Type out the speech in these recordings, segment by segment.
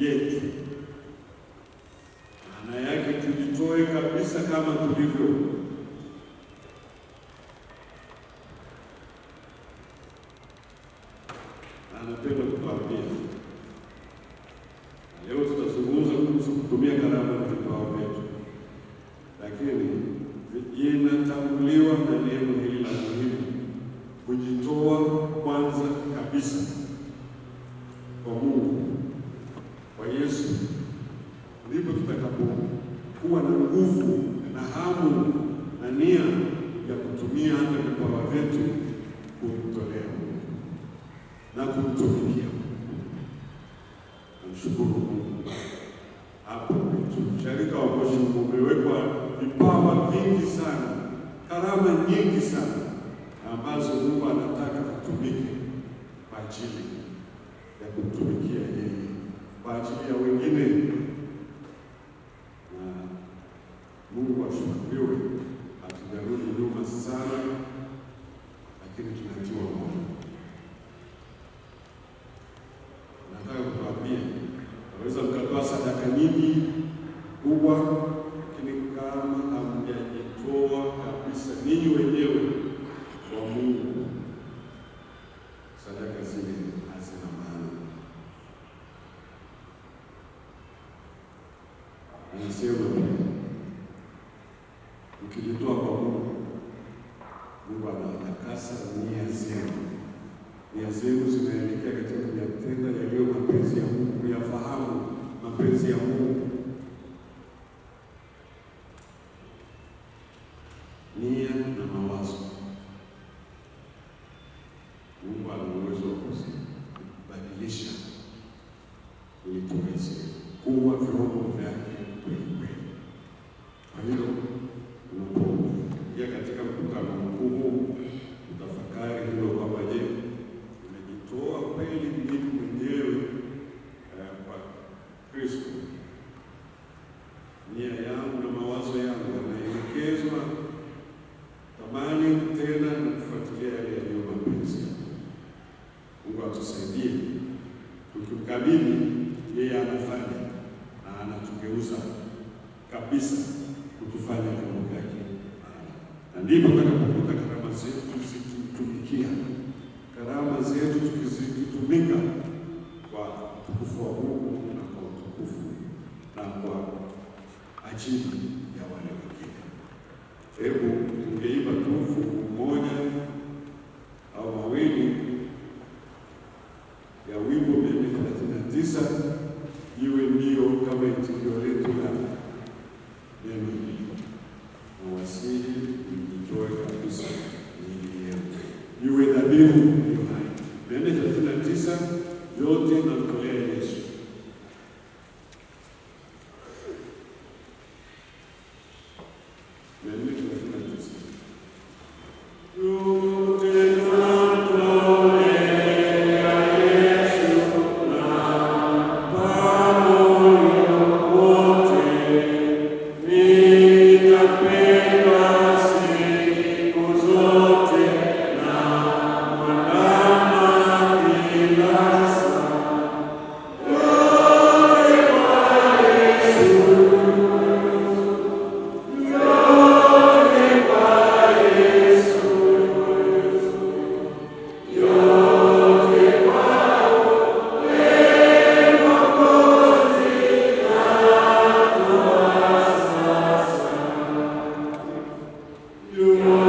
Yeti. Yesu, ndipo tutakapokuwa na nguvu na hamu na nia ya kutumia hata vipawa vyetu kumtolea na kumtumikia. Namshukuru Mungu hapo wetu Sharika wa Moshi umewekwa vipawa vingi sana, karama nyingi sana ambazo Mungu anataka kutumike kwa ajili ya kumtumikia yeye kwa ajili ya wengine, na Mungu ashukuriwe. Hatujarudi nyuma sana, lakini tunatiwa moyo. Nataka kutuambia, naweza mkatoa sadaka nyingi kubwa venceu é o que lhe toca no guardar a casa minha zema. Minha zema e katika kuyatenda yaliyo mapenzi e Mungu, kuyafahamu uma ya é Mungu. Minha na mawazo. Mungu ana uwezo wa ele ili tuweze kuwa vyombo kabisa kutufanya kamugaji, na ndipo tutakapotoka karama zetu zikitumikia, karama zetu zikitumika kwa utukufu wa Mungu na kwa utukufu na kwa ajili Deus You.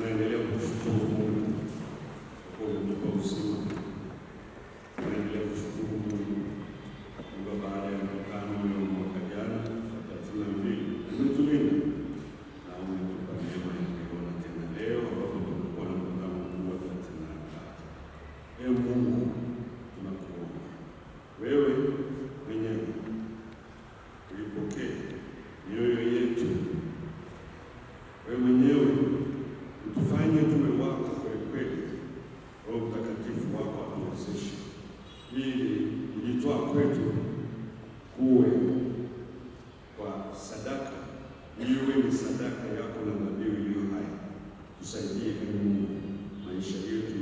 Tunaendelea kushukuru Mungu kwa kutupa uzima. Tunaendelea kushukuru Mungu iwe ni sadaka yako na dhabihu iliyo hai. Tusaidie Mungu maisha yetu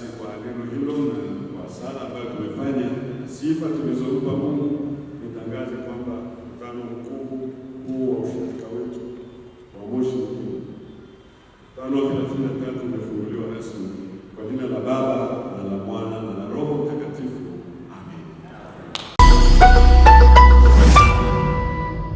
basi kwa neno hilo na kwa sala ambayo tumefanya sifa tulizompa Mungu, nitangaze kwamba mkutano mkuu huu wa